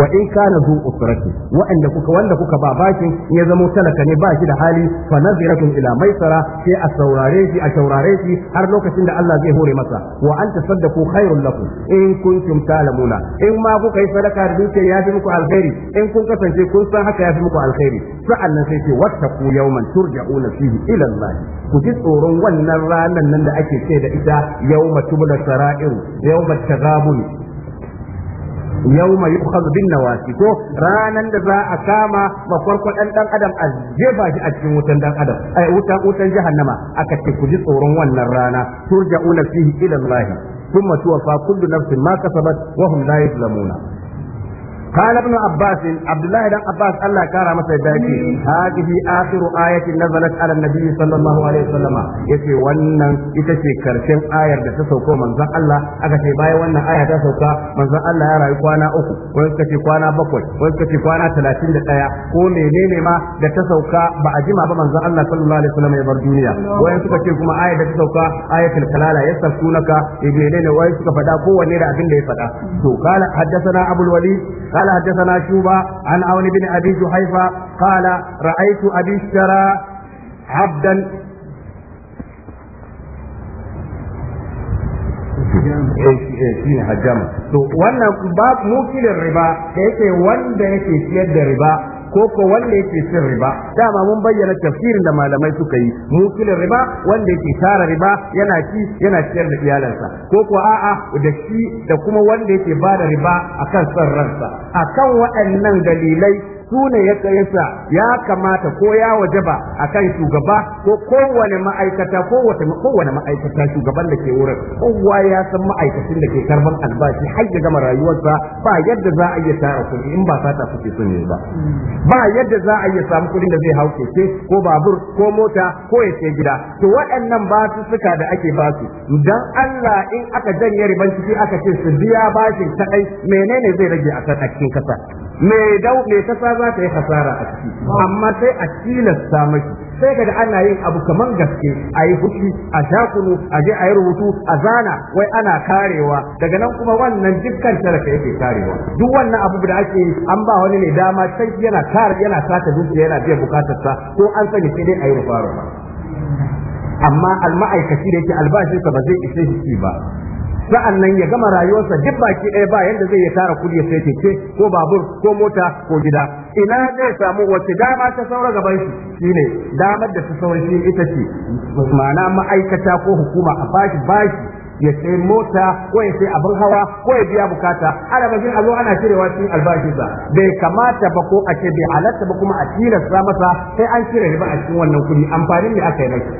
wa in kana zu usrati wa'anda kuka wanda kuka ba bakin ya zama talaka ne ba shi da hali fa naziratun ila maisara sai a saurare shi a saurare shi har lokacin da Allah zai hore masa wa an tasaddaqu khairul lakum in kuntum ta'lamuna in ma kuka yi sadaka da dukiyar ya fi muku alkhairi in kun kasance kun san haka ya fi muku alkhairi sa'annan sai ce wattaqu yawman turja'una fihi ila Allah ku ji tsoron wannan ranar nan da ake ce da ita yawma tubla sara'iru yawma tagabun yawma yukhaz bin nawasi ko ranan da za a kama makwarkwadan dan adam a jefa shi a cikin wutan dan adam ai wutan wutan jahannama aka ce ku ji tsoron wannan rana turja'una fihi ila Allah tuwafa kullu nafsin ma kasabat wa hum la yuzlamuna قال ابن عباس عبد الله بن عباس الله كرم سيداتي هذه آخر آية نزلت على النبي صلى الله عليه وسلم يتي ونن يتشي كرشن آية تسوكو من ذا الله أكتي باي ونن آية تسوكا من ذا الله يرى يقوانا أكو ويسكتي قوانا بقوي ويسكتي قوانا ثلاثين دقايا قومي نيني ما da ta sauka ba a jima ba manzon Allah sallallahu alaihi wasallam ya bar duniya wayan suka ce kuma ayat da ta sauka ayatul kalala yasakunaka ibnene wayan suka fada kowanne da abin da ya fada to kala haddathana abul walid قال حدثنا شوبة عن عون بن أبي جحيفة قال رأيت أبي اشترى عبدا wannan ba mukilin riba da yake wanda yake siyar da riba ko ko wanda yake cin riba dama mun bayyana tafsirin da malamai suka yi mukilin riba wanda yake tara riba yana ci yana ciyar da iyalansa ko ko a'a da shi da kuma wanda yake bada riba akan son ransa akan waɗannan dalilai su ne ya yasa ya kamata ko ya wajaba kan shugaba ko kowane ma'aikata kowane ma'aikata shugaban da ke wurin kowa ya san ma'aikacin da ke karban albashi har ya gama rayuwarsa ba yadda za a iya tara kuɗi in ba sata ke son ba ba yadda za a iya samu kuɗin da zai hau keke ko babur ko mota ko ya ce gida to waɗannan ba su suka da ake ba su dan Allah in aka janye riban ciki aka ce su biya bashin kadai menene zai rage a cikin kasa me dau me kasa za ta yi hasara a ciki amma sai a tilasta maki sai kaga ana yin abu kaman gaske a yi fushi a shakunu a je a yi rubutu a zana wai ana karewa daga nan kuma wannan dukkan talaka yake karewa duk wannan abu da ake yi an ba wani ne dama sai yana kare yana sata dukiya yana biyan bukatarsa ko an sani sai dai a yi rufa amma al-ma'aikaci da yake albashinsa ba zai ishe shi ba sa'an nan ya gama rayuwarsa duk baki ɗaya ba yadda zai ya tara kudi ya sai keke ko babur ko mota ko gida ina zai samu wace dama ta saura gaban shi shine damar da ta saura shi ita ce ma'ana ma'aikata ko hukuma a bashi bashi ya sai mota ko ya sai abin hawa ko ya biya bukata ana bakin a zo ana cirewa cikin albashinsa bai kamata ba ko a ce bai halatta ba kuma a tilasta masa sai an cire riba a cikin wannan kuɗi amfanin ne aka yi nake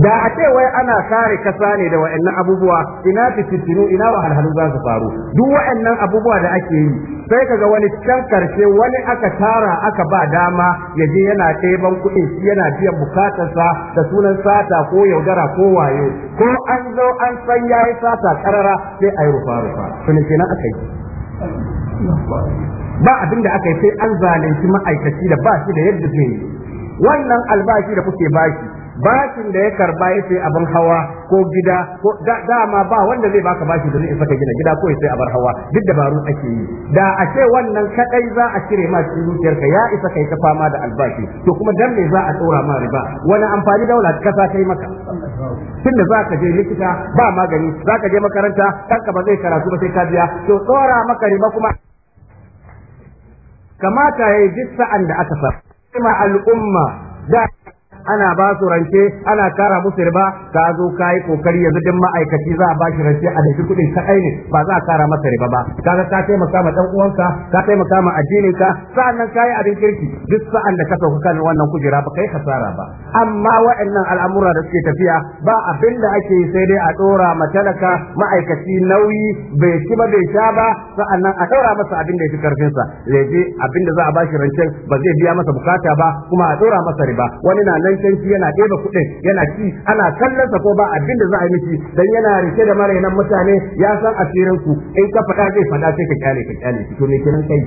da a ce wai ana kare kasa ne da wa'annan abubuwa ina fitinu ina halhalu za su faru duk wa'annan abubuwa da ake yi sai kaga wani can karshe wani aka tara aka ba dama ya je yana ɗeban kuɗi shi yana biyan bukatarsa da sunan sata ko yaudara ko wayo ko an zo an san yayi sata karara sai a yi rufa rufa kenan aka yi ba abin da aka yi sai an zalunci ma'aikaci da ba shi da yadda zai yi wannan albashi da kuke bashi bashin da ya karba ya sai abin hawa ko gida ko dama ba wanda zai baka bashi da zai saka gina gida ko ya sai abin hawa duk dabaru ake yi da a ce wannan kadai za a cire ma cikin zuciyarka ya isa kai ta fama da albashi to kuma dan me za a tsora ma riba wani amfani daula kasa kai maka tunda za ka je likita ba magani za ka je makaranta kanka ba zai karatu ba sai ka biya to tsora maka riba kuma kamata ya yi duk sa'an da aka sa al'umma da ana ba su rance ana kara musu riba ka zo ka kokari yanzu duk ma'aikaci za a ba shi rance a dafi kuɗin ta ne ba za a kara masa riba ba kaga ka taimaka ma ɗan uwanka ka taimaka ma addininka sa'annan ka yi abin kirki duk sa'an da ka sauka kan wannan kujera ba kai kasara ba amma wa'annan al'amura da suke tafiya ba abin da ake sai dai a ɗora ma talaka ma'aikaci nauyi bai ci ba bai sha ba sa'annan a ɗora masa abin da ya karfin karfinsa zai abin da za a ba shi rancen ba zai biya masa bukata ba kuma a dora masa riba wani na ganganci yana ɗeba kuɗin yana ci ana kallon sa ko ba abin da za a yi miki dan yana rike da marainan mutane ya san asirin ku in ka faɗa zai faɗa sai ka kyale ka kyale to na kenan kai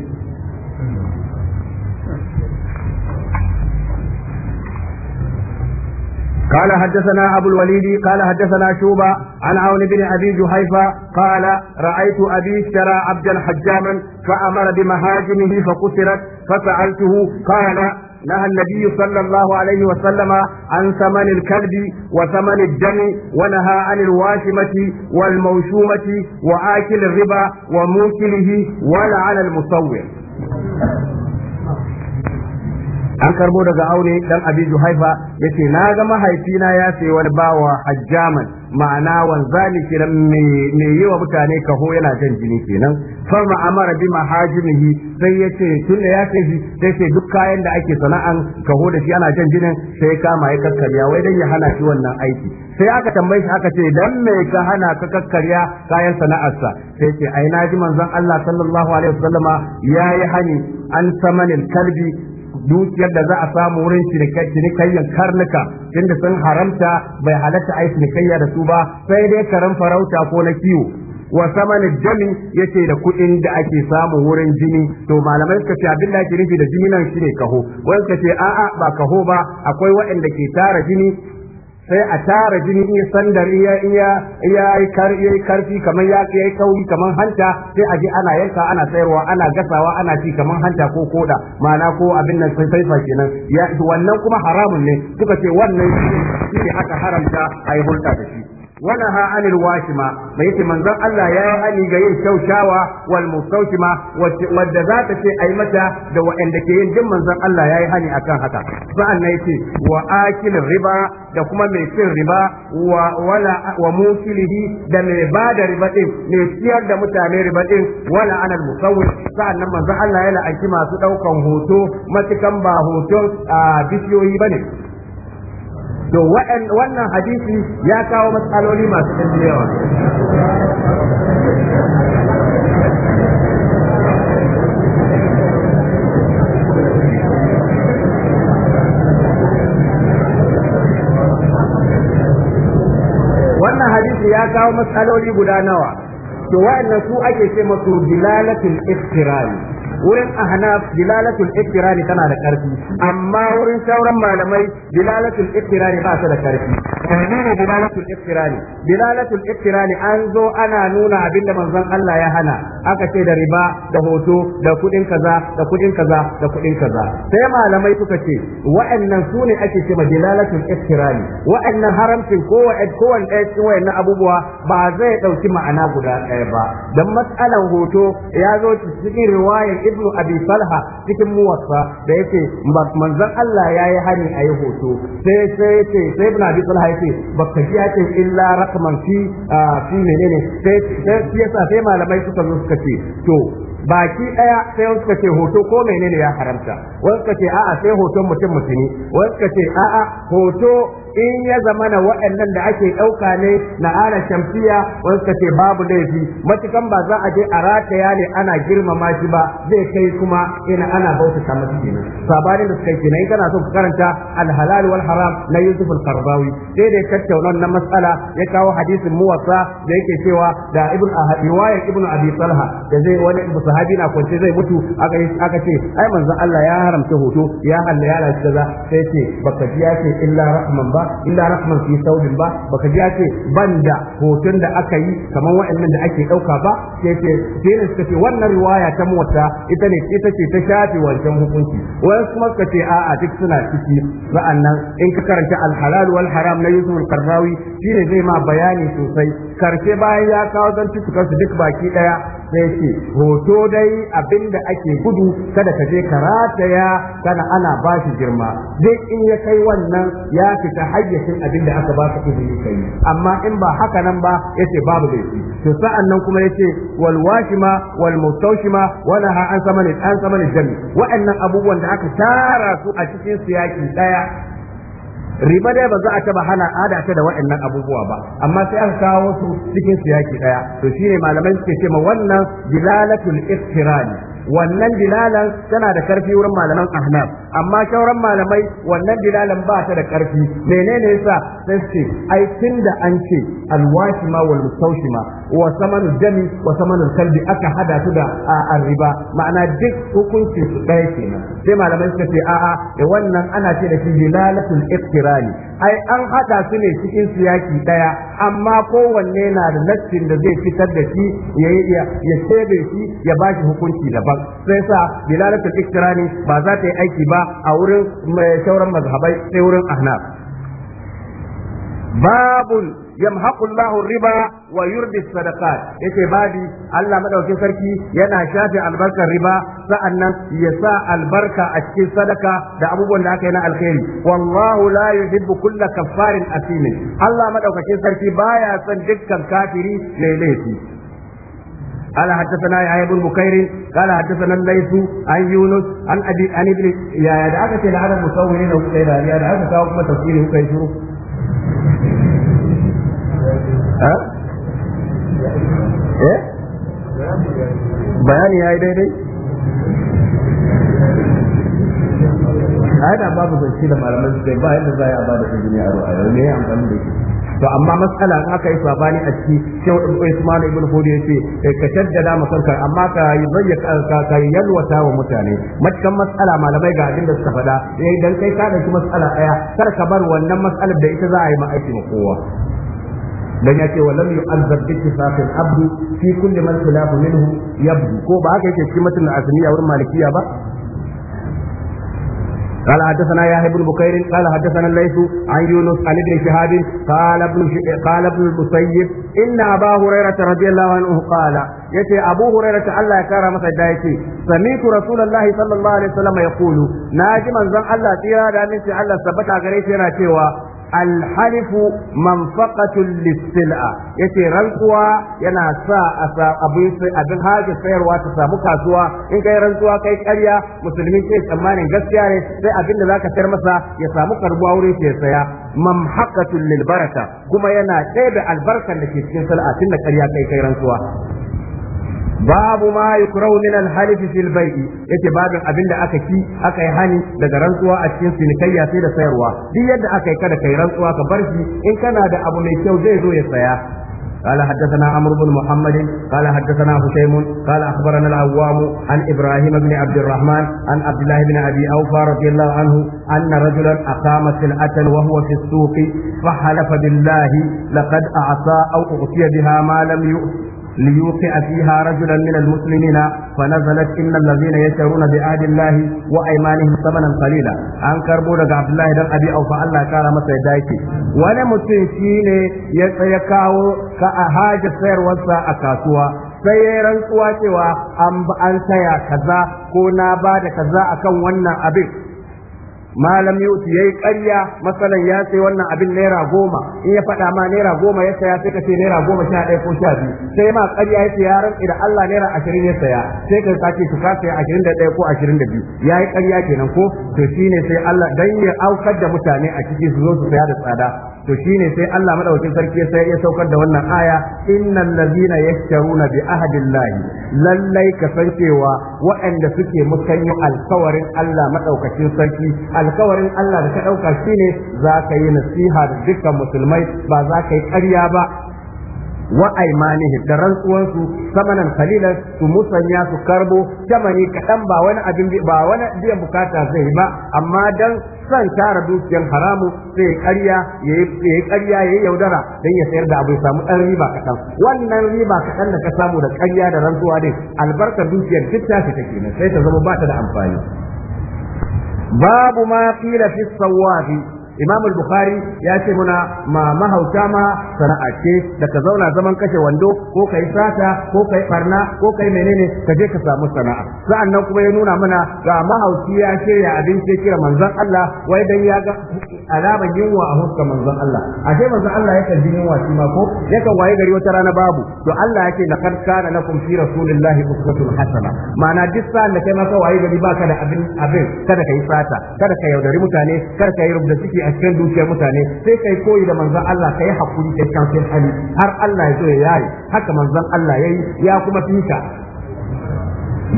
قال حدثنا أبو الوليد قال حدثنا شوبة عن عون بن أبي جحيفة قال رأيت أبي اشترى عبدا حجاما فأمر بمهاجمه فقتلت فسألته قال نهى النبي صلى الله عليه وسلم عن ثمن الكلب وثمن الدم ونهى عن الواشمة والموشومة وآكل الربا وموكله ولعن المصور an karbo daga aure dan abi juhaifa yace na ga mahaifina ya sayi wani bawa hajjaman ma'ana wanzani kiran me yi wa mutane kaho yana jan jini kenan fama amara bi mahajinihi sai ya ce tun da ya kai shi sai ce duk kayan da ake sana'an kaho da shi ana jan jinin sai ya kama ya kakkarya wai dan ya hana shi wannan aiki sai aka tambaye shi aka ce dan me ka hana ka kakkarya kayan sana'arsa sai ce ai na ji manzon Allah sallallahu alaihi wasallama yayi hani an samanil kalbi dukiyar da za a samu wurin cinikayyar karnuka inda sun haramta bai halatta yi cinikayya da su ba sai dai karan farauta ko na kiwo wa saman ya yake da kuɗin da ake samu wurin jini to malamai suka ce abin da ake nufi da jini nan shine kaho wai suka ce a'a ba kaho ba akwai waɗanda ke tara jini sai a tara jini in sandar iya iya iya yi karfi kamar ya yi kauri kamar hanta sai a je ana yanka ana tsayarwa ana gasawa ana ci kamar hanta ko koda ma'ana ko abin nan sai faifa kenan ya wannan kuma haramun ne suka ce wannan shi ne aka haramta a yi hulɗa da shi ونهى عن الواشمة ما يتي من ذا الله يا أني جايين شوشاوة والمستوشمة والدذات في أي متى دو أندكين جم من ذا الله يا أني أكان حتى فأن يتي وآكل الربا da kuma mai cin riba wa wala wa mukilihi da mai ba da riba din mai siyar da mutane riba din wala anal musawwir sa'annan manzo Allah ya aiki masu daukan hoto matukan ba hoton a bishiyoyi ne. to wannan hadisi ya kawo matsaloli masu yawa wannan hadisi ya kawo matsaloli guda nawa to wa'annan su ake ce masu bilalatin iftirani wurin ahnaf dilalatul iktirani tana da karfi amma wurin sauran malamai dilalatul iktirani ba ta da karfi menene dilalatul iktirari dilalatul an zo ana nuna abinda manzon Allah ya hana aka ce da riba da hoto da kudin kaza da kudin kaza da kudin kaza sai malamai suka ce wa'annan su ne ake cewa dilalatul iktirari wa'annan haramcin kowa kowanne ɗaya cikin wa'annan abubuwa ba zai ɗauki ma'ana guda ɗaya ba dan matsalan hoto ya zo cikin riwayar ibnu abi talha cikin muwassa da yace manzon Allah yayi hani ayi hoto sai sai ce sai ibnu abi talha yace baka ji yace illa rakman fi fi menene sai sai yasa sai malamai suka zo suka ce to baki daya sai suka ce hoto ko menene ya haramta wasu suka ce a'a sai hoton mutum mutumi wasu suka ce a'a hoto in ya zama na waɗannan da ake ɗauka ne na ana shamfiya wani ce babu laifi matukan ba za a je a rataya ne ana girmama shi ba zai kai kuma ina ana ta masu kenan sabanin da suka yi kenan kana son karanta alhalal wal haram na Yusuf al sai da tattaunan na matsala ya kawo hadisin muwasa da yake cewa da ibn riwayar ibn abi talha da zai wani sahabi na kwance zai mutu aka aka ce ai manzan Allah ya haramta hoto ya halala ya kaza sai ce baka ji ya ce illa rahman ba illa rasman fi saurin ba baka ji ake da hoton da aka yi kamar wa'annan da ake ɗauka ba sai ce sai suka ce wannan riwaya ta mota ita ne ita ce ta shafi wancan hukunci wai kuma suka ce a'a duk suna ciki nan in ka karanta al-halal wal haram na Yusuf al-Qarrawi shine zai ma bayani sosai karshe bayan ya kawo don tuka su duk baki daya sai ce hoto dai abinda ake gudu kada ka je karata ya kana ana ba shi girma duk in ya kai wannan ya fita hayyacin abin da aka ba baka izini kai amma in ba haka nan ba yace babu laifi to sa'an nan kuma yace wal washima wal mustawshima wa laha an samani an samani jami wa'annan abubuwan da aka tara su a cikin siyaki daya riba dai ba za a taba hana ada ta da waɗannan abubuwa ba amma sai aka kawo su cikin siyaki daya to shine malamai suke cewa wannan dilalatul iftirani wannan dilalan tana da karfi wurin malaman ahnaf amma shauran malamai wannan dilalan ba ta da karfi menene yasa sai ce ai tunda an ce alwashima wal mustawshima wa samanul jami wa samanul kalbi aka hada su da riba ma'ana duk hukunci su ɗaya kenan sai malamai suka ce a'a da wannan ana ce da shi dilalatul iqtirani ai an hada su ne cikin siyaki ɗaya amma kowanne na da lattin da zai fitar da shi ya ya shebe shi ya ba shi hukunci daban sai sa dilalatul iqtirani ba za ta yi aiki ba a wurin eh, sauran mazhabai sai wurin ahnaf babun yamhaqu riba wa yurbi sadaqat yace babi Allah madaukin sarki yana shafe albarkar riba sa'annan ya sa albarka a cikin sadaka da abubuwan da aka yi na alkhairi wallahu la yuhibbu kulla kaffarin asim Allah madaukakin sarki baya son dukkan kafiri mai laifi قال حدثنا يحيى بن an قال حدثنا الليث عن يونس da ابي عن ابن يا دعك الى عدد مصورين وكذا يا دعك كاو كما تفسيره كيف eh bayani ya yi daidai a yana babu zance da malaman su zai bayan da za a da su jini a ruwa ne ya amfani da shi to amma matsala in aka yi sabani a ciki shehu ibn Usman ibn ya ce. ka shaddada makarka amma ka yi ka yi yalwata wa mutane matakan matsala malamai ga abin da suka faɗa eh dan kai ka dauki matsala ɗaya, kar ka bar wannan matsalar da ita za a yi ma aiki ma kowa dan yace wa lam yu'azzab bi ittifaq al-abd fi kulli man khilaf minhu yabdu ko ba haka yake cikin matan asmiya wurin malikiya ba قال حدثنا يحيى بن بكير قال حدثنا الليث عن يونس عن ابن شهاب قال ابن قال ابن المسيب ان ابا هريره رضي الله عنه قال yace Abu Hurairah ta Allah ya kara masa da yace sami'tu Rasulullahi sallallahu alaihi wasallam Na ji manzon Allah tsira da aminci Allah sabbata gare shi yana cewa الحلف منفقة للسلعة yace rantsuwa yana sa abin haji sayarwa ta samu kasuwa in kai rantsuwa kai karya musulmi sai tsammanin gaskiya ne sai abin da zaka sayar masa ya samu karbuwa wurin ya saya mamhaqatul lil baraka kuma yana da albarkar da ke cikin sal'a tun da karya kai kai rantsuwa babu ma yukrahu min al-halif fil yake babin abin da aka ci aka yi hani daga rantsuwa a cikin sinikayya sai da sayarwa duk yadda aka yi kada kai rantsuwa ka bar shi in kana da abu mai kyau zai zo ya saya قال حدثنا عمرو بن محمد قال حدثنا هشيم قال اخبرنا العوام عن ابراهيم بن عبد الرحمن عن عبد الله بن ابي اوفى رضي الله عنه ان رجلا اقام سلعه وهو في السوق فحلف بالله لقد اعصى او اعطي بها ما لم يؤت ليوقع فيها رجلا من المسلمين فنزلت إن الذين يشترون بعهد الله وأيمانهم ثمنا قليلا أن كربو لك عبد الله دم أبي أو فعلنا كان مسا يدايكي ولا متنشين يكاو كأهاج السير وسا أكاسوا sai ya rantsuwa cewa an saya kaza ko na ba da kaza akan wannan abin malam yuti yayi ƙarya masalan ya sai wannan abin naira goma in ya faɗa ma naira goma ya saya sai ka ce naira goma sha ɗaya ko sha biyu sai ma ƙarya ya ce ya idan Allah naira ashirin ya saya sai ka sace su ka saya ashirin da ɗaya ko ashirin da biyu ya yi ƙarya kenan ko to shine sai Allah dan ya aukar da mutane a ciki su zo su saya da tsada to shine sai Allah madaukakin sarki sai ya saukar da wannan aya innal ladina yashtaruna bi ahadillahi, lallai ka san cewa waɗanda suke musanyo alkawarin Allah madaukakin sarki alkawarin Allah da ka dauka shine za ka yi nasiha da dukkan musulmai ba za ka yi ƙarya ba wa aimanihim da rantsuwansu samanan khalila su musanya su karbo jamani kaɗan ba wani abin ba wani biyan bukata zai ba amma dan san tara dukiyar haramu sai ƙarya yayi ƙarya yayi yaudara dan ya sayar da abu ya samu ɗan riba kadan wannan riba kaɗan da ka samu da ƙarya da rantsuwa din albarkar dukiyar duk ta fita kenan sai ta zama ba ta da amfani babu ma qila fi sawabi Imamul bukhari ya ce muna ma mahauta ma sana'a ce da ka zauna zaman kashe wando ko kai sata ko kai barna ko kai ne, ka je ka samu sana'a nan kuma ya nuna mana ga mahauci ya ce ya abinci kira manzon Allah wai dan ya ga alaman yunwa a huska manzon Allah ashe manzon Allah yakan ji yunwa shi ma yakan waye gari wata rana babu to Allah yake laqad kana lakum fi rasulillahi uswatun hasana ma'ana duk sa'an da kai masa waye gari ba ka da abin abin kada kai sata kada ka yaudari mutane kada ka yi rubda ciki a cikin dukiyar mutane sai kai koyi da manzon Allah kai hakuri da kafin hali har Allah ya zo ya yayi haka manzon Allah yayi ya kuma fita.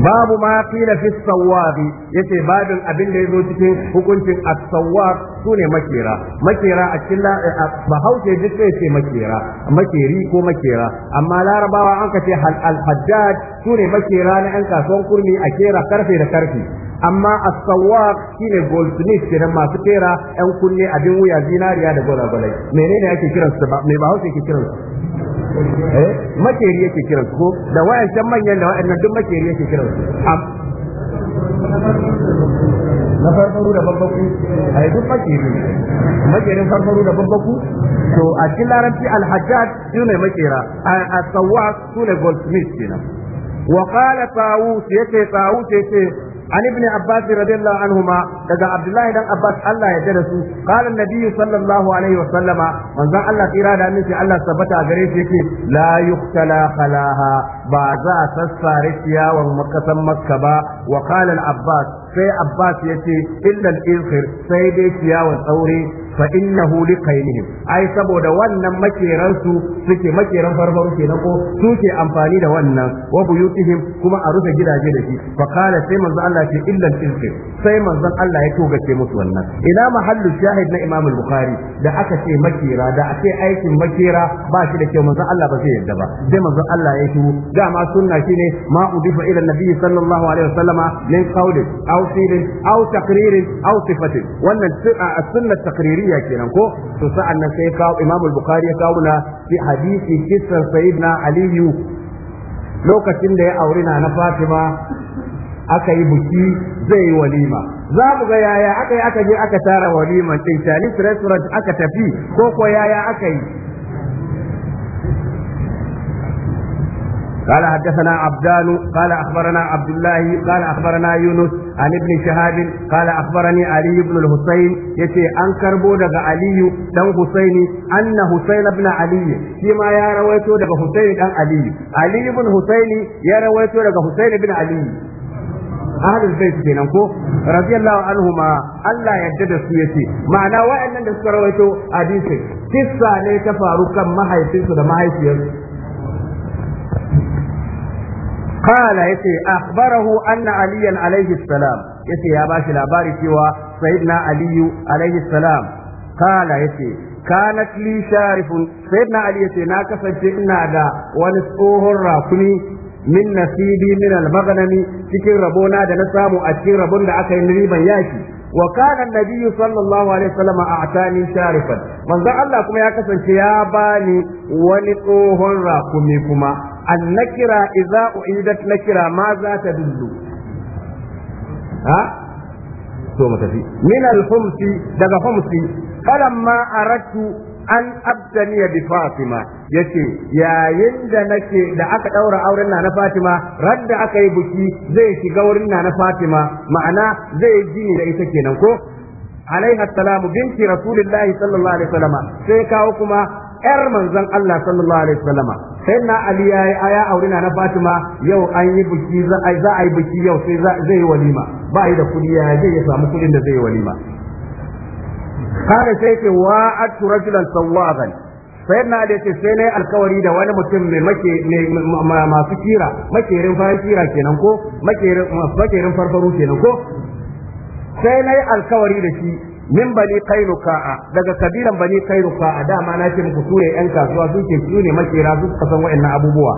babu ma qila fi sawabi yace babin abin da yazo cikin hukuncin as-sawab sune makera makera a cikin bahaushe duk sai ce makera makeri ko makera amma larabawa an ka ce al-haddad sune makera na yan kasuwan kurmi a kera karfe da karfe amma a as shi ne goldsmith kenan masu tera yan kunne abin wuya zinariya da gwalagwalai menene ake kiran su me ba hausa yake kiran su eh makeri yake kiran su ko da wayancan manyan da wayannan duk makeri yake kiran su na farfaru da babbaku a eh, yi duk makeri makerin farfaru da babbaku to a cikin larabci alhajjad su ne makera a sawwa su ne goldsmith kenan wa qala tawus yace tawus yace عن ابن عباس رضي الله عنهما دغا عبد الله بن عباس الله يدرسه قال النبي صلى الله عليه وسلم من ذا الله إرادة من في الله ثبت أغريسي لا يختلى خلاها بعضا تسفارسيا ومكة مكة وقال العباس sai Abbas ya ce illal ilkhir sai dai ciyawan tsaure fa innahu liqainihim ai saboda wannan makeran su suke makeran farfaru kenan ko suke amfani da wannan wa buyutihim kuma a rufe gidaje da shi fa qala sai manzo Allah ce illa tilkin sai manzon Allah ya togace musu wannan ina mahallu shahid na Imamul al-Bukhari da aka ce makera da a ce aikin makera ba shi da kyau manzon Allah ba zai yarda ba sai manzon Allah ya shiru dama sunna shine ma udifa ila nabi sallallahu alaihi wasallama min qawlin aw fi'lin aw taqririn aw sifatin wannan sunna taqriri jahiliya kenan ko to sa'an nan sai kawo Imam al-Bukhari ya kawo na fi hadisi kisar Sayyidina Aliyu lokacin da ya aure na na Fatima aka yi buki zai yi walima za mu ga yaya aka yi aka je aka tara walima din Chinese restaurant aka tafi ko ko yaya aka yi قال حدثنا عبدان قال أخبرنا عبد الله قال أخبرنا يونس عن ابن شهاب قال أخبرني علي بن الحسين يتي أنكر بودغ علي دم حسين أن حسين بن علي فيما يا رويتو دغ حسين بن علي علي بن حسين يا رويتو دغ حسين بن علي ahlul bait kenan ko radiyallahu anhuma Allah yadda da su yace ma'ana wa'annan da suka rawaito hadisi kissa ne ta faru kan mahaifinsu da mahaifiyarsu قال يتي أخبره أن عليا عليه السلام يتي يا باشي لاباري سوى سيدنا علي عليه السلام قال يتي كانت لي شارف سيدنا علي يتي ناكسا جئنا دا ونسقوه الراكمي min nasibi min al cikin rabona da na samu a cikin rabon da aka yi riban yaki wa kana an-nabiy sallallahu alaihi wasallam a'tani sharifan manzo Allah kuma ya kasance ya bani wani tsohon rakumi kuma النكرة إذا أعيدت نكرة ماذا تدل ها ثم تفي من الخمس دغ خمس فلما أردت أن أبتني بفاطمة yace yayin da nake da aka daura auren na Fatima radda aka yi buki zai shiga wurin na Fatima ma'ana zai ji da ita kenan ko alaiha salamu binti rasulillahi sallallahu alaihi wasallam sai kawo kuma yar manzon Allah sallallahu alaihi wasallama na ali yi aya aure na fatima yau an yi biki za a yi biki yau sai zai yi walima ba yi da kudi ya zai ya samu kudin da zai yi walima kada sai ke wa atu rajulan sai na ali ce sai na yi alkawari da wani mutum mai make masu kira makerin farin kira kenan ko makerin makerin kenan ko sai na yi alkawari da shi min bani kainuka daga kabilan bani kainuka'a dama na ce muku sune yan kasuwa su ke su ne makera su kasan san wa'annan abubuwa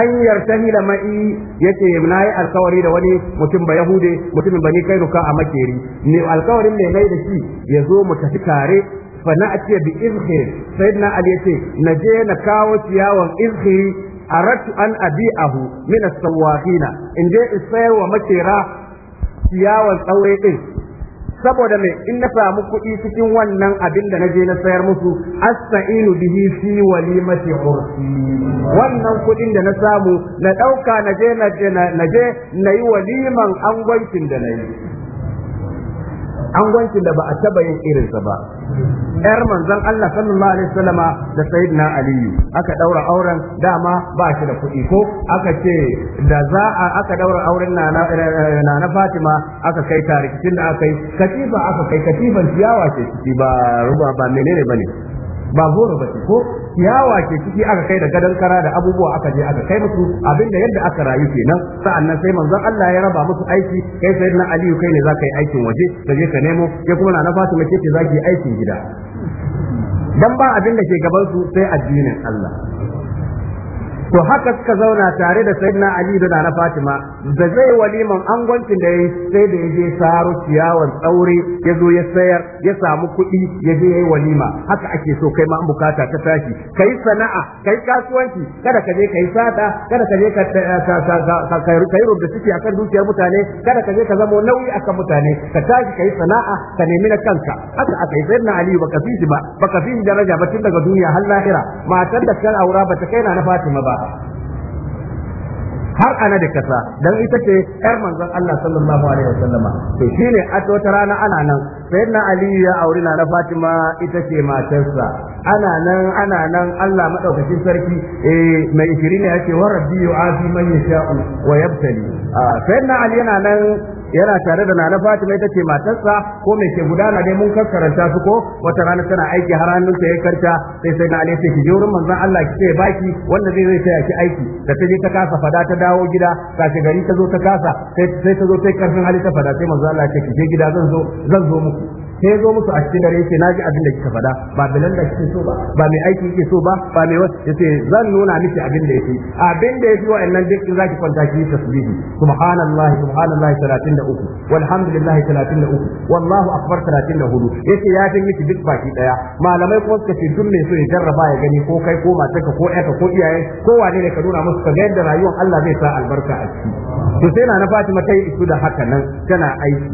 an yartahi da ma'i yace na yi alkawari da wani mutum ba yahude mutumin bani kainuka a makeri ne alkawarin ne mai da shi ya zo mu tafi tare fa na ce bi izhir sayyidina ali yace na je na kawo ciyawan izhiri aratu an abi'ahu min as-sawahina in je in wa makera ciyawan tsaure din saboda me in na samu kuɗi cikin wannan abin da naje na sayar musu asta'inu bihi fi walimati ursi wannan kuɗin da na samu na ɗauka na je na yi waliman angwancin da na yi angwancin da ba a taba yin irinsa ba yar manzon Allah sallallahu alaihi wasallama da sayyidina aliyu aka daura auren dama ba shi da kuɗi ko aka ce da za a aka daura auren na eh, na Fatima aka kai ta rikicin da aka yi katifa aka kai katifan ciyawa ce ciki ba ruba ba menene bane ba goro ba ko ciyawa ke ciki aka kai da gadon kara da abubuwa aka je aka kai musu abin da yadda aka rayu kenan sa'an nan sai manzon Allah ya raba musu aiki kai na Aliyu kai ne zaka yi aikin waje da je ka nemo ke kuma na Fatima ke ce yi aikin gida dan ba abin da ke gaban su sai addinin Allah to haka suka zauna tare da sayyidina ali da na fatima da zai waliman angwancin da yi sai da ya je saro ciyawar tsaure ya zo ya sayar ya samu kuɗi ya je yi walima haka ake so kai ma an bukata ta tashi kai sana'a kai kasuwanci kada ka je yi sata kada ka je ka kai ciki akan dukiyar mutane kada ka je ka zamo nauyi akan mutane ka tashi yi sana'a ka nemi na kanka haka aka yi sayyidina ali baka fi shi ba baka fi daraja ba tun daga duniya har lahira matar da kan aura ba ta kai na na fatima ba har ana da kasa dan ita ce yar manzon Allah sallallahu alaihi wasallam to shine a wata rana ana nan sayyidina Ali ya auri na Fatima ita ce matarsa ana nan ana nan Allah madaukakin sarki eh mai shiri ne yake wa rabbi yu'afi man yasha'u wa yabtali ah, sayyidina Ali yana nan yana tare da nana Fatima ita ce matarsa ko mai ke gudana dai mun karanta su ko wata rana tana aiki har hannun ta ya karta sai sai na Ali ki je wurin manzon Allah ki ce baki wanda zai zai taya ki aiki da ta je ta kasa fada ta dawo gida kashi gari ta zo ta kasa sai ta zo sai karfin hali ta fada sai manzon Allah ya ce ki je gida zan zo zan zo muku sai ya zo musu a cikin dare yace naji abin da kika fada. ba bilan da kike so ba ba mai aiki kike so ba ba mai wasu yace zan nuna miki abin da yake abin da yake wa'annan duk zaki kwanta ki tasbihi subhanallahi subhanallahi 33 walhamdulillah 33 wallahu akbar 34 hudu ya fi miki duk baki daya malamai kuma suka ce duk ne so ya jarraba ya gani ko kai ko matarka ko ƴarka ko iyaye ko wane ne ka nuna musu ka ga yadda rayuwar Allah zai sa albarka a ciki to sai na Fatima ta yi isu da haka nan tana aiki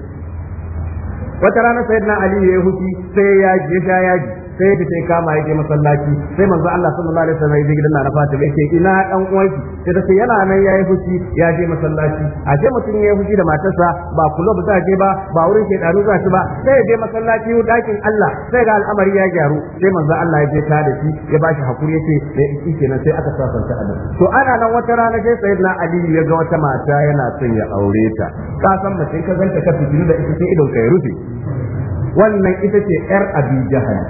wata rana sayyidina Ali ya huci sai ya ya ji. yaji sai da sai kama ya je masallaci sai manzo Allah sallallahu alaihi wasallam ya gidan na Fatima yake ina dan uwanki sai ce yana nan yayi fushi ya je masallaci a je mutum yayi fushi da matarsa ba kulob za je ba ba wurin ke daru za shi ba sai ya je masallaci dakin Allah sai ga al'amari ya gyaru sai manzo Allah ya je ta da shi ya ba shi hakuri yake da shi kenan sai aka sasanta a to ana nan wata rana sai sayyidina Ali ya ga wata mata yana son ya aure ta ka san mace ka ganta ka fitilu da ita sai idon ka ya rufe wannan ita ce yar abi jahal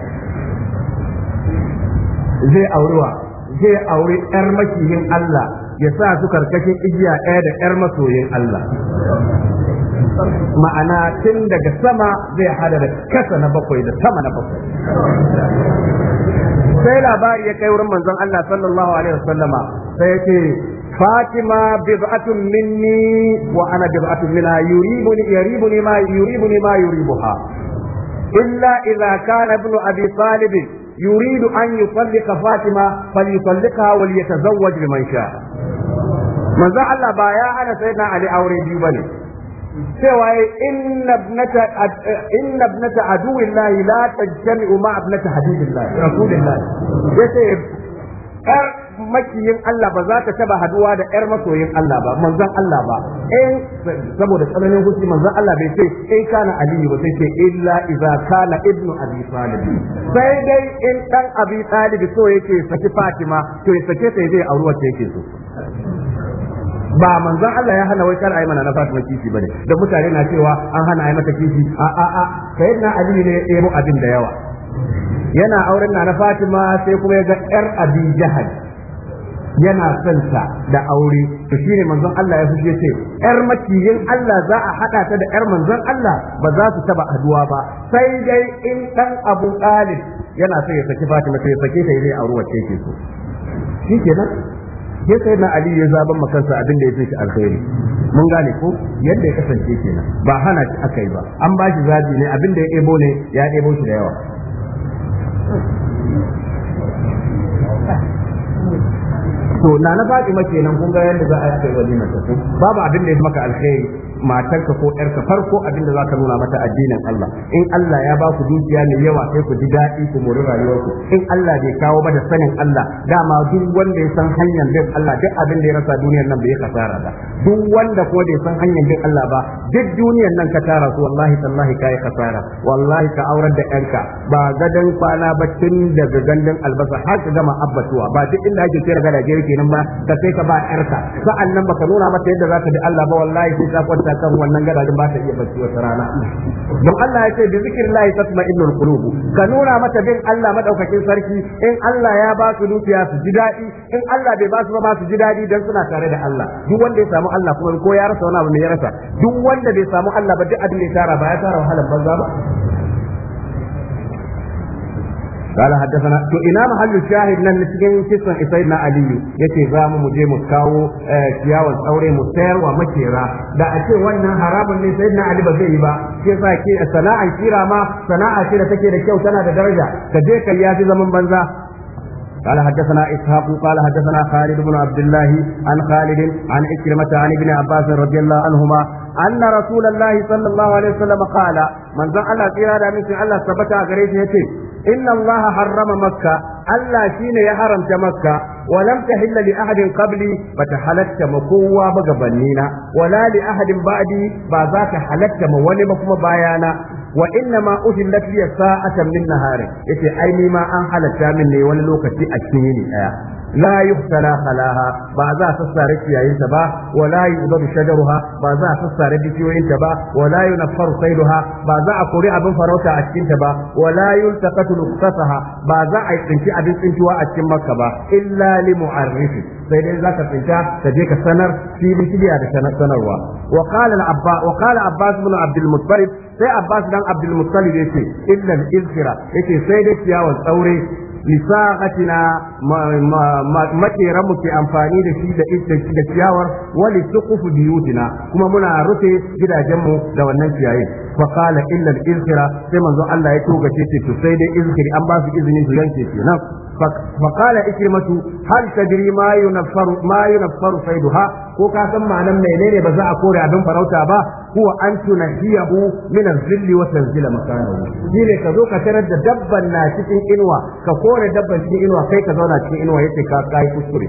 zai aurewa zai aure yar makiyin Allah ya sa su karkashin igiya ɗaya da yar masoyin Allah ma'ana tun daga sama zai hada da kasa na bakwai da sama na bakwai sai labari ya kai wurin manzon Allah sallallahu alaihi wasallama sai ya ce فاطمة بضعة مني وأنا بضعة منها يريبني يريبني ma يريبني ما يريبها إلا إذا كان ابن أبي طالب yuridu an yufallika fatima falyufallika ta yatazawwaj mai sha manzo Allah ba ya hana sayyidina ali aure biyu bane cewa inna ibnata inna ibnata aduwillahi la ma ibnata habibillah rasulillah makiyin Allah ba za ta taba haduwa da ƴar masoyin Allah ba manzon Allah ba in eh, saboda tsananin hukunci manzon Allah bai ce in eh, kana aliyu ba sai ce illa idza kana ibnu abi talib sai dai in dan abi talib so yake saki fatima to ya sake sai zai auri wacce yake so ba manzon Allah ya hana wai kar ayi mana na Fatima kishi bane da mutane na cewa an hana ayi mata kishi a a a na Ali ne ya ɗebo abin da yawa yana auren na na Fatima sai kuma ya ga yar Abi Jahal yana son sa da aure to shine manzon Allah ya fushi yace yar makiyin Allah za a hada ta da yar manzon Allah ba za su taba aduwa ba sai dai in dan Abu Talib yana so ya saki Fatima sai ya sake ta zai aure wacce yake so shikenan sai sai na Ali ya zaban makansa abin da ya fi shi alkhairi mun gane ko yadda ya kasance kenan ba hana shi akai ba an ba shi zabi ne abin da ya ebo ne ya ebo shi da yawa to na na ma kenan kun ga yadda za a yi walima ta babu abin da ya maka alheri matarka ko ƴarka farko abin da zaka nuna mata addinin Allah in Allah ya ba ku dukiya mai yawa sai ku ji daɗi ku mori rayuwarku in Allah bai kawo ba da sanin Allah dama duk wanda ya san hanyar bin Allah duk abin da ya rasa duniyar nan bai kasara ba duk wanda ko da ya san hanyar bin Allah ba duk duniyar nan ka tara su wallahi tallahi kai kasara wallahi ka aurar da ƴanka ba gadan kwana ba tun daga gandun albasa har ka gama abbatuwa ba duk inda ake tsira gadaje kenan ba ka sai ka ba ƴarka a nan baka nuna mata yadda za ta bi Allah ba wallahi sai ta kwanta tana kan wannan gadajin ba ta iya bacci wata rana don Allah ya ce bi zikrillah tatma'innul qulub ka nuna mata bin Allah madaukakin sarki in Allah ya ba su dukiya su ji daɗi in Allah bai ba su ba su ji dadi dan suna tare da Allah duk wanda ya samu Allah kuma ko ya rasa wani abu ne ya rasa duk wanda bai samu Allah ba duk abin da tara ba ya tara wahalan banza ba قال حدثنا تو انا محل الشاهد نن cikin kisan Isaid na Aliyu yace za mu je mu kawo ciyawan aure mu sayarwa wa makera da a ce wannan haramun ne sai na Ali ba zai yi ba sai sa ke sana'a kira ma sana'a ce da take da kyau tana da daraja ta je kai ya fi zaman banza قال حدثنا اسحاق قال حدثنا خالد بن عبد الله عن خالد عن عكرمة عن ابن عباس رضي الله عنهما أن رسول الله صلى الله عليه وسلم قال من زعل الله تيرا من الله ثبت غريب inna allaha harrama makka allah shine ya haramta makka ولم تحل لأحد قبلي فتحلت مكوة بغبنينا ولا لأحد بعدي بذاك حلت مولي مكما بايانا وإنما أهلت لي ساعة من نهاري يتي أيني ما أن حلت من لي وللوكة أكيني la yuhtala khalaha ba za a sassare ciyayin ta ba wa la yudadu shajaruha ba za a sassare bishiyoyin ta ba wa la yunaffaru sayduha ba za a kori abin farauta a cikin ta ba wa la yultaqatu luqtasaha ba za a tsinci abin tsintuwa a cikin makka ba illa li mu'arrifi sai dai za ka tsinta ka je ka sanar shi filiya da sanarwa wa qala al abbas ibn abd al sai abbas dan abd al-muttalib yace illar al ya ce sai dai ciyawar tsaure lisaqatina makeran mu ke amfani da shi da da ciyawar wali suquf biyutina kuma muna rufe gidajenmu da wannan ciyayin fa qala illa al-izra sai manzo Allah ya togace ce to sai dai izkiri an basu izini su yanke kenan fa qala ikrimatu hal tadri ma yunaffaru ma yunaffaru faiduha ko kasan san ma'anan ne ba za a kore abin farauta ba huwa an tunahiyahu min az-zilli wa tanzila makanahu shine ka zo ka tarar da dabban na cikin inuwa ka kore dabban cikin inuwa kai ka zauna cikin inuwa yace ka kai kuskure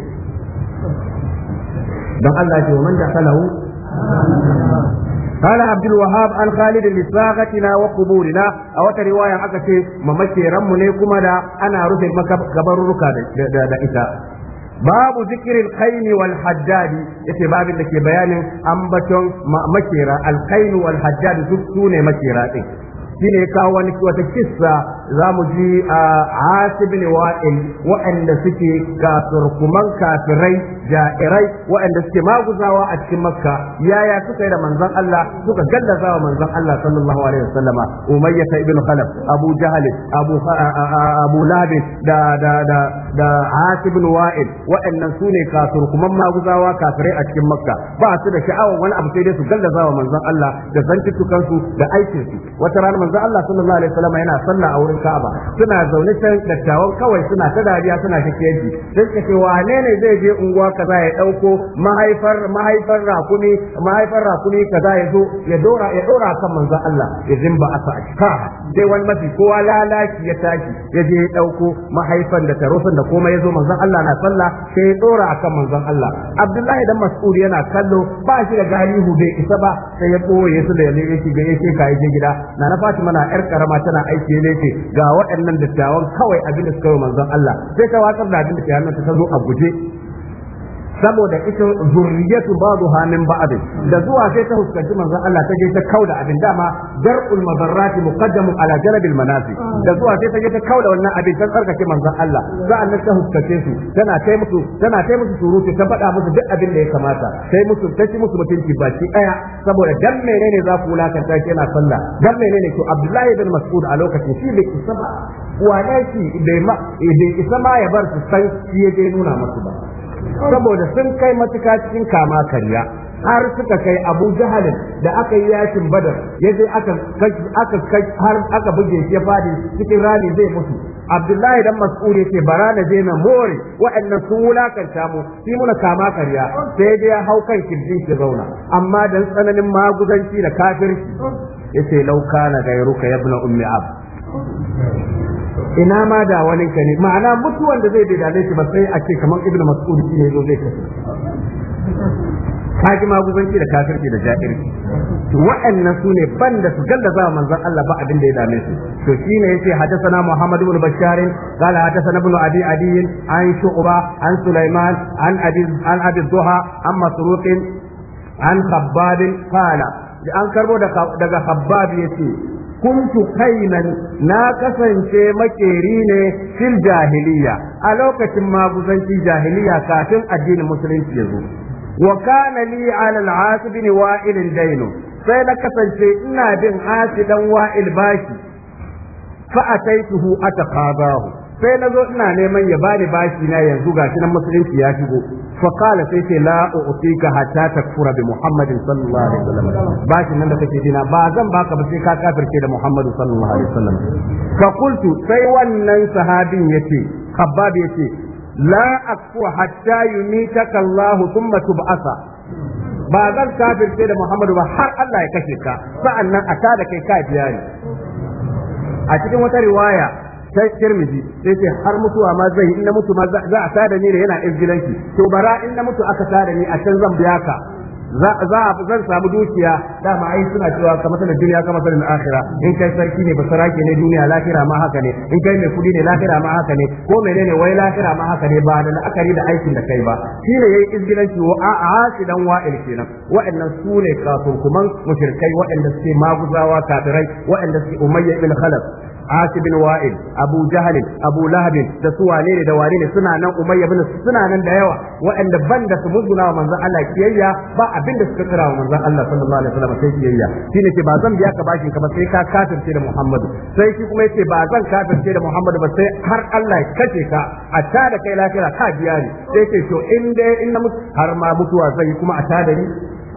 dan Allah ya ce man da kalahu قال عبد الوهاب عن خالد لصاغتنا وقبورنا او روايه aka ce mamace mu ne kuma da ana rufe makabarruka da ita babu zikirin khaini wal haddadi yace babin da ke bayanin ambaton makera alkhaini wal haddadi duk sune makera din shine ya kawo wani wata kissa za mu ji a hasibin wa'in waɗanda suke kafirkuman kafirai ja'irai waɗanda suke maguzawa a cikin makka yaya suka yi da manzon Allah suka gallaza wa manzon Allah sallallahu alaihi wasallama umayya ibn khalaf abu jahal abu abu labi da da da da hasibin wa'in waɗannan su ne kafirkuman maguzawa kafirai a cikin makka ba su da sha'awar wani abu sai dai su gallaza wa manzon Allah da zantuttukan da aikin su wata rana manzo Allah sallallahu alaihi wasallam yana sallah a wurin Ka'aba suna zaune sai dattawan kawai suna ta dariya suna shakiyaji sai suka ce wane ne zai je unguwa kaza ya dauko mahaifar mahaifar rakuni mahaifar rakuni kaza ya zo ya dora ya dora kan manzo Allah ya zimba asa a cikaha sai wani mafi kowa lalaci ya tashi ya je ya dauko mahaifan da tarufin da komai ya zo manzo Allah na sallah sai ya dora akan manzo Allah Abdullahi dan Mas'ud yana kallo ba shi da galihu bai isa ba sai ya boye su da yake ga yake kai gida na na Fatima na yar karama tana aiki ne ce ga waɗannan dattawan kawai abin da suka yi manzon Allah sai ta watsar da abin da ke hannunta ta zo a guje saboda ita zurriyatu ba'dha min ba'd da zuwa sai ta huskanci manzon Allah ta je ta kauda abin dama dar'ul madarrati muqaddamu ala jalabil manasi da zuwa sai ta je ta kauda wannan abin ta tsarkake manzon Allah sa'an nan ta huskace su tana kai musu tana kai musu surutu ta faɗa musu duk abin da ya kamata sai musu ta ci musu mutunci baki daya saboda dan menene za ku wulakanta shi yana sallah dan menene to Abdullahi bin Mas'ud a lokacin shi bai isa ba wane shi bai isa ma ya bar su san shi ya je nuna musu ba saboda sun kai matuka cikin kama karya har suka kai abu jahalin da aka yi yashin badar ya je aka har aka buge shi ya fadi cikin rani zai mutu abdullahi dan mas'ud ce, bara na je na more waɗannan sun wulakanta mu sai muna kama karya sai dai ya hau kan kirjin shi zauna amma dan tsananin maguzanci da kafirci yace law kana gairuka ya ibn ummi ab ina ma da wani ka ne ma'ana mutuwan da zai dame shi ba sai a ce kamar ibn mas'ud shi ne zo zai ka kaji magubanci da kafirci da jahilci to wa'annan su ne ban da su gallaza manzon Allah ba abin da ya dame su to shine yace hadathana Muhammad ibn Bashar qala hadathana ibn Abi Adi an Shu'ba an Sulaiman an Abi an Abi Duha an Masruq an Khabbab qala an karbo daga Khabbab yace kuntu kainan na kasance makeri ne fil jahiliya a lokacin maguzanci jahiliya kafin addinin musulunci ya zo wa kana li ala al-asib wa'il dainu sai na kasance ina bin asidan wa'il bashi fa ataituhu ataqabahu sai na zo ina neman ya bani bashi na yanzu gashi nan musulunci ya shigo fa qala sai sai la utika hatta takfura bi muhammadin sallallahu alaihi wasallam bashi nan da kake dina ba zan baka ba sai ka kafirce da muhammadu sallallahu alaihi wasallam fa qultu sai wannan sahabin yace khabbab yace la aqfu hatta yumitaka allah thumma tub'asa ba zan kafirce da muhammadu ba har Allah ya kashe ka sa'annan a da kai ka biya ni a cikin wata riwaya sai sai ce har mutuwa ma zai yi na mutu ma za a tada ni da yana izgilanki to bara in na mutu aka tada ni a can zan biya ka za zan samu dukiya dama ai suna cewa ka masalan duniya ka masalan akhira in kai sarki ne ba sarake ne duniya lahira ma haka ne in kai mai kudi ne lahira ma haka ne ko menene wai lahira ma haka ne ba da la'akari da aikin da kai ba shi ne yayi izgilanci wa a dan wa'il kenan wa'annan su ne kafurkuman mushrikai wa'anda suke maguzawa kafirai wa'anda suke umayya ibn khalaf Asib bin Wa'il, Abu Jahal, Abu Lahab da su wane ne da wane ne suna nan Umayya bin suna nan da yawa waɗanda ban da su muzguna wa manzon Allah kiyayya ba abin da suka kira wa manzon Allah sallallahu alaihi wasallam ma kai kiyayya ne ce ba zan biya ka bashin ka ba sai ka kafirce da Muhammadu sai shi kuma yace ba zan kafirce da Muhammadu ba sai har Allah ya kace ka a ta da kai lafiya ka biya ni sai ce to in dai in na mutu har ma mutuwa zai kuma a ta ni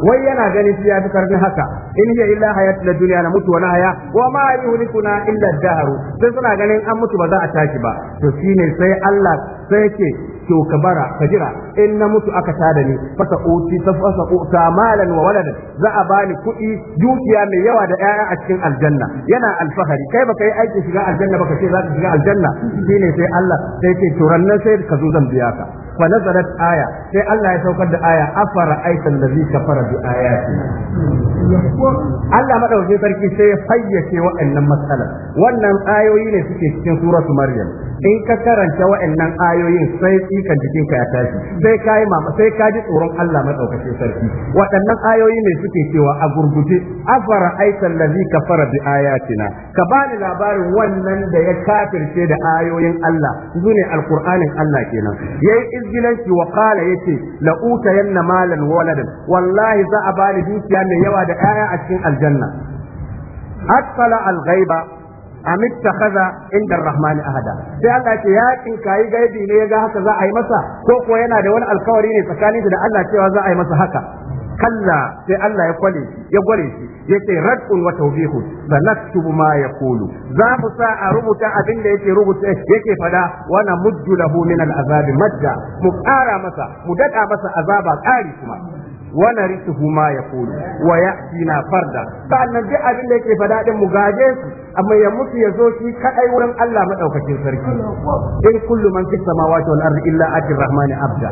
wai yana ganin shi ya fi karfin haka in hiya illa hayat na duniya na mutu wani haya wa ma yuhlikuna illa daharu sai suna ganin an mutu ba za a tashi ba to shine sai Allah sai yake to ka bara ka jira in na mutu aka tada ni fasa uti ta malam uta malan wa walada za a bani kuɗi dukiya mai yawa da ƴaƴa a cikin aljanna yana alfahari kai baka yi aikin shiga aljanna baka ce za ka shiga aljanna shine sai Allah sai ce to rannan sai ka zo zan biya ka fa nazalat aya sai Allah ya saukar da aya afara aitan ladhi kafara bi ayati Allah madauke sarki sai ya fayyace wa'annan matsalar wannan ayoyi ne suke cikin suratu maryam in ka karanta wa'annan ayoyin sai tsikan jikinka ya tashi sai kai mama sai ka ji tsoron Allah madaukakin sarki waɗannan ayoyi ne suke cewa a gurguje afara aitan ladhi kafara biaya ayatina ka bani labarin wannan da ya kafirce da ayoyin Allah zune alqur'anin Allah kenan yayi izgilanci wa ya ce la utayanna malan wallahi za a bani dukiya mai yawa da 'ya'ya a cikin aljanna atfala al-ghaiba am ittakhadha inda ar-rahmani ahada sai Allah ce ya kinkayi gaibi ne ga haka za a yi masa ko ko yana da wani alkawari ne tsakanin da Allah cewa za a yi masa haka kalla sai Allah ya kwale shi ya gware shi yace rad'un wa tawbihun sanaktubu ma yaqulu za mu sa a rubuta abin da yake rubuta yake fada wa namuddu lahu min al'azabi madda mu ƙara masa mu dada masa azaba ƙari kuma wa narithu ma yaqulu wa ya'tina farda sannan duk abin da yake fada din mu gaje su amma ya mutu ya zo shi kaɗai wurin Allah madaukakin sarki in kullu man fis samawati wal ardi illa abda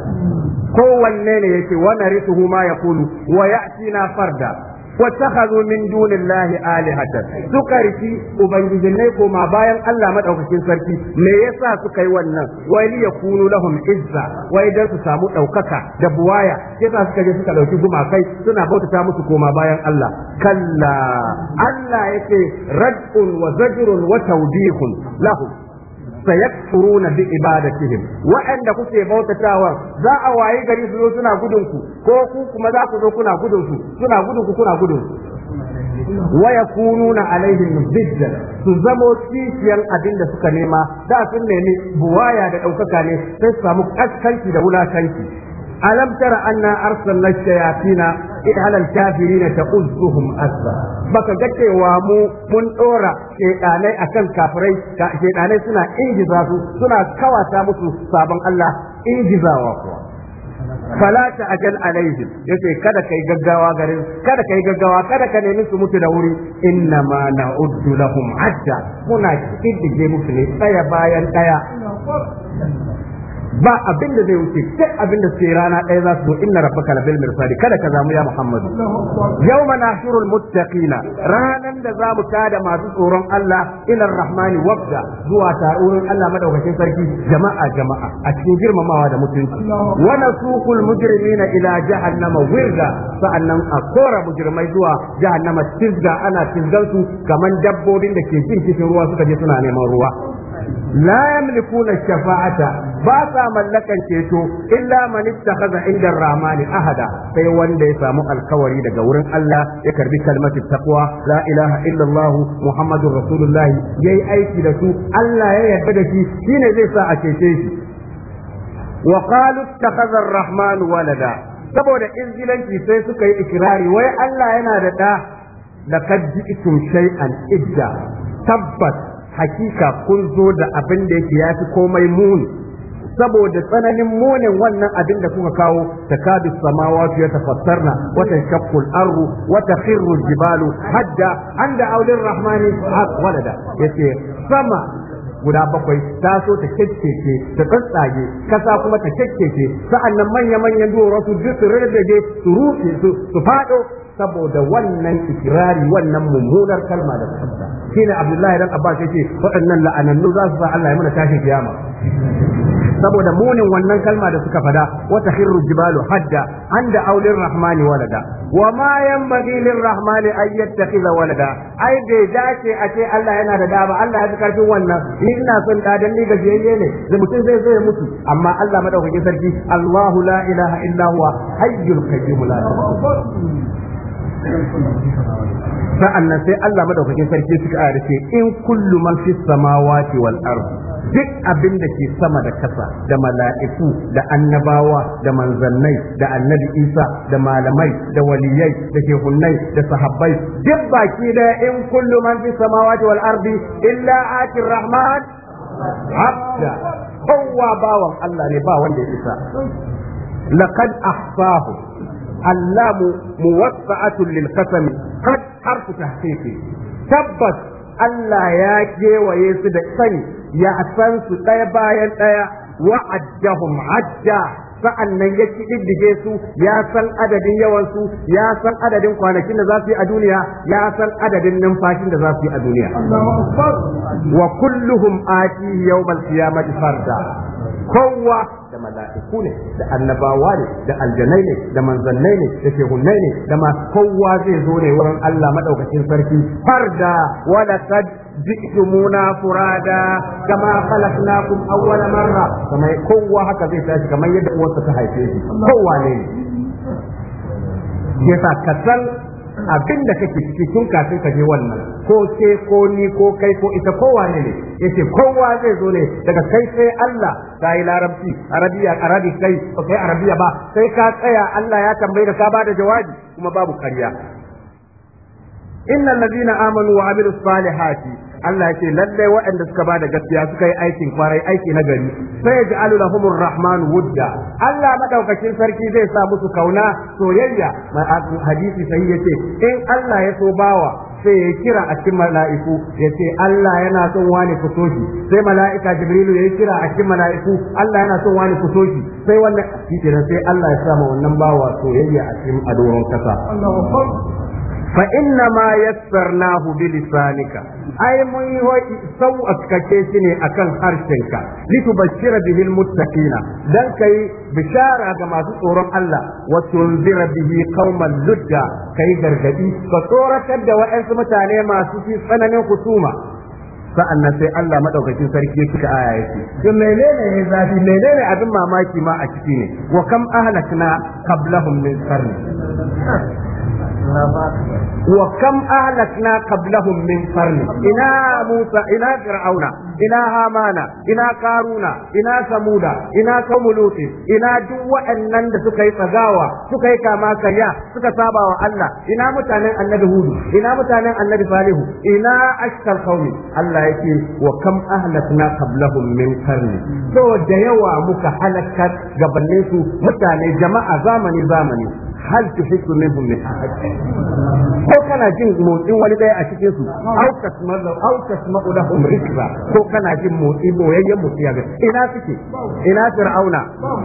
kowanne ne yake wa narithu ma yaqulu wa ya'tina farda واتخذوا من دون الله آلهة سكرتي وبنجدني كما باين الله ما دوكين سرتي me yasa suka yi wannan wai li yakunu lahum izza wai dan su samu ɗaukaka da buwaya yasa suka je suka dauki gumakai suna bautata musu koma bayan Allah kalla Allah ce rad'un wa zajrun wa tawbihun lahum sayakfuruna bi ibadatihim wa'anda kuke bautatawa za a wayi gari su zo suna gudun ku ko ku kuma za ku zo kuna gudun su suna gudun ku kuna gudun su wa yakununa alaihim bidda su zamo cikiyan abin da suka nema da sun nemi buwaya da ɗaukaka ne sai su samu kaskanci da wulakanci ألم تر أن أرسلنا الشياطين على الكافرين تؤذهم أسرا baka ga cewa mu mun dora shedanai akan kafirai shedanai suna injiza su suna kawata musu sabon Allah injizawa kuwa fala ta ajal alaihim yace kada kai gaggawa garin kada kai gaggawa kada ka nemi su mutu da wuri inna ma na'uddu lahum adda muna kiddige musu ne tsaya bayan ɗaya. ba abin da zai wuce duk abin da suke rana ɗaya za su zo inna rabbaka labil mirsadi kada ka zamu ya muhammadu yawma nahshurul muttaqina ranan da za mu tada masu tsoron Allah ila rahmani wabda zuwa tarurin Allah madaukakin sarki jama'a jama'a a cikin girmamawa da mutunci wa nasuqul mujrimina ila jahannama wirda sa'annan a kora mujrimai zuwa jahannama tizga ana su kaman dabbobin da ke jin cikin ruwa suka je suna neman ruwa لا shafa'ata ba sa ملكا ceto illa man ittakhadha inda ar ahada sai wanda ya samu alkawari daga wurin Allah ya karbi kalmatu taqwa la ilaha illa Allah muhammadur rasulullah yayi aiki da su Allah ya yarda da shi ne zai sa a cece shi wa qalu ittakhadha ar walada saboda inzilanci sai suka yi ikirari wai Allah yana da da laqad ji'tum shay'an idda tabbas hakika kun zo da abin da yake yafi komai muni saboda tsananin munin wannan abin da kuka kawo sama wasu ya tafassarna wata tashaqqu al-ardu wa jibalu hadda anda awlir rahmani walada yace sama guda bakwai ta so ta kekkeke ta tsatsage kasa kuma ta kekkeke sa'annan manya manyan duwaro su duk su rarrage su rufe su su fado saboda wannan ikirari wannan mummunar kalma da ta shine Abdullahi dan Abbas ce waɗannan la'anannu za su sa Allah ya mana tashin kiyama saboda munin wannan kalma da suka fada wata tahirru jibalu hadda anda aulir rahmani walada wa ma yanbaghi lir rahmani an yattakhidha walada ai bai dace a ce Allah yana da dama Allah ya fi karfin wannan ni ina son da dan ni gajiyayye ne da mutum zai zo ya mutu amma Allah madaukakin sarki Allahu la ilaha illa huwa hayyul qayyum la sa'an nan sai Allah madaukakin sarki suka ayar ce in kullu man fi ke wal duk abin da ke sama da kasa da mala'iku da annabawa da manzannai da annabi Isa da malamai da waliyai da kehunnai da sahabbai duk baki da in kullu man fi ke wal illa atir rahman abda kowa bawan Allah ne ba wanda ya isa لقد Asahu. اللام موسعة للقسم قد حرف تحقيق تبت ألا ياكي ويسد سني يأسن سطي باين وعدهم عجا sa'annan ya kididdige su ya san adadin yawansu ya san adadin kwanakin da za su yi a duniya ya san adadin numfashin da za su yi a duniya wa kulluhum ati yawmal qiyamati farda kowa da mala'iku ne da annabawa ne da aljanai ne da manzannai ne da shehunnai ne da kowa zai zo ne wurin Allah madaukakin sarki farda wala sad ji'tumuna furada kama khalaqnakum awwal marra Kuma kowa haka zai tashi kamar yadda uwarsa ta haife shi kowa ne yasa kasan abin da kake ciki tun kafin ka je wannan ko ke ko ni ko kai ko ita kowa ne ne yace kowa zai zo ne daga kai sai Allah sai larabci arabiya arabi kai ba kai arabiya ba sai ka tsaya Allah ya tambaye ka ba da jawabi kuma babu karya. innal ladina amanu wa amilus salihati Allah ya ce lallai waɗanda suka bada gaskiya suka yi aikin kwarai aiki na gari sai ji alulahumur rahman wudda Allah madaukakin sarki zai sa musu kauna soyayya Mai hadisi sai yace in Allah ya so bawa sai ya kira a cikin mala'iku ya ce Allah yana son wani fito shi sai mala'ika Jibrilu ya kira a cikin mala'iku Allah yana son wani fito shi sai wannan shi sai Allah ya sa ma wannan bawa soyayya a cikin adoron kasa fa inna ma na bi lisanika ai mun yi sau askace shi ne akan harshenka litubashshira bihi almuttaqina dan kai bishara ga masu tsoron Allah wa tunzira bihi qauman ludda kai gargadi ka tsoratar da wa'ansu mutane masu fi tsananin kusuma sa'an nan sai Allah maɗaukacin sarki ya cika aya yake to ne zafi menene abin mamaki ma a ciki ne wa kam ahlakna qablahum min qarni wa kam ahlakna qablahum min qarn ina musa ina fir'auna ina hamana ina karuna ina samuda ina kamuluti ina duk waɗannan da suka yi tsagawa suka yi kama karya suka saba wa Allah ina mutanen annabi hudu ina mutanen annabi salihu ina Askar Kauni? Allah yake wa kam ahlakna qablahum min qarn to da yawa muka halakar gabanin su mutane jama'a zamani zamani hal tuhissu minhum min ahad ko kana jin motsin wani daya a cikin su au kasma au kasma lahum rikba ko kana jin motsi boyayyen motsi ga ina suke ina fir'auna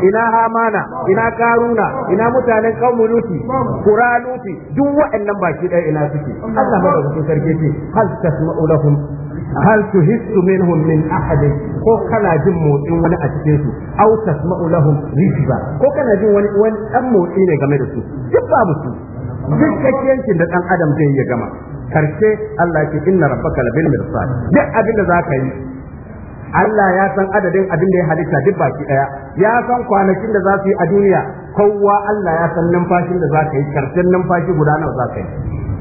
ina hamana ina karuna ina mutanen qaumu luti duk luti duk waɗannan baki ɗaya ina suke Allah madaukakin sarki ce hal tasma'u lahum hal tuhissu minhum min ahad ko kana jin motsin wani a cikin su aw tasma'u lahum ko kana jin wani wani dan motsi ne game da su duk babu su duk kakkiyancin da dan adam zai iya gama karshe Allah ke inna rabbaka labil mirsad duk abin da zaka yi Allah ya san adadin abin da ya halitta duk baki daya ya san kwanakin da za su yi a duniya kowa Allah ya san numfashin da za ka yi karshen numfashi guda nawa za ka yi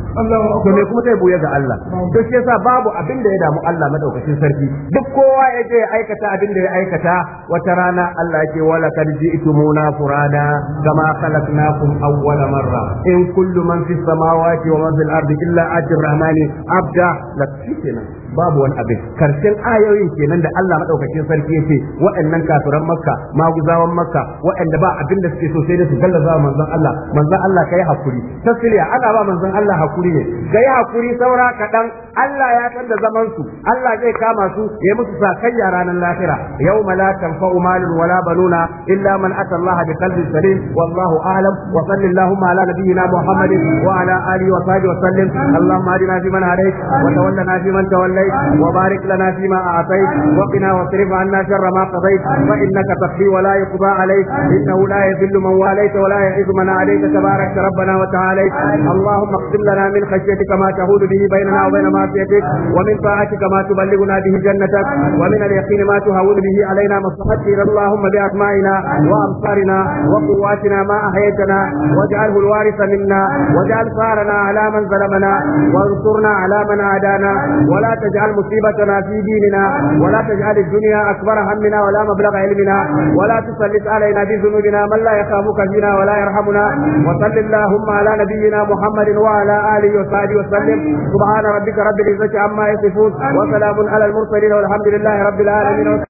to me kuma zai buya ga Allah to shi yasa babu abin da ya damu Allah madaukakin sarki duk kowa ya je aikata abin da ya aikata wata rana Allah yake wala kad ji'tumuna furada kama khalaqnakum awwala marra in kullu man fis samawati wa man fil ardi illa atir rahmani abda lakina babu wani abin karshen ayoyin kenan da Allah madaukakin sarki yace waɗannan kafiran makka maguzawan makka waɗanda ba abin da suke so sai da su gallaza manzon Allah manzon Allah kai hakuri tasiriya ana ba manzon Allah hakuri ne kai hakuri saura kaɗan Allah ya san da zaman su Allah zai kama su ya musu sakayya ranar lahira yawma la tanfa'u malun wala banuna illa man ata Allah bi qalbin salim wallahu a'lam wa sallallahu ala nabiyyina Muhammadin wa ala alihi wa sahbihi wa sallim اللهم اهدنا فيمن هديت وتولنا فيمن توليت أعطيت وبارك لنا فيما أعطيت وقنا واصرف عنا شر ما قضيت فإنك تقضي ولا يقضى عليك إنه لا يذل من واليت ولا يعز من عليك تبارك ربنا وتعاليت اللهم اقسم لنا من خشيتك ما تهود به بيننا وبين معصيتك ومن طاعتك ما تبلغنا به جنتك ومن اليقين ما تهون به علينا مصلحتك اللهم بأسمائنا وأبصارنا وقواتنا ما أحييتنا واجعله الوارث منا واجعل ثارنا على من ظلمنا وانصرنا على من عادانا ولا تجعل مصيبتنا في ديننا ولا تجعل الدنيا أكبر همنا ولا مبلغ علمنا ولا تسلط علينا بذنوبنا من لا يخافك فينا ولا يرحمنا وصل اللهم على نبينا محمد وعلى آله وصحبه وسلم سبحان ربك رب العزة عما يصفون وسلام على المرسلين والحمد لله رب العالمين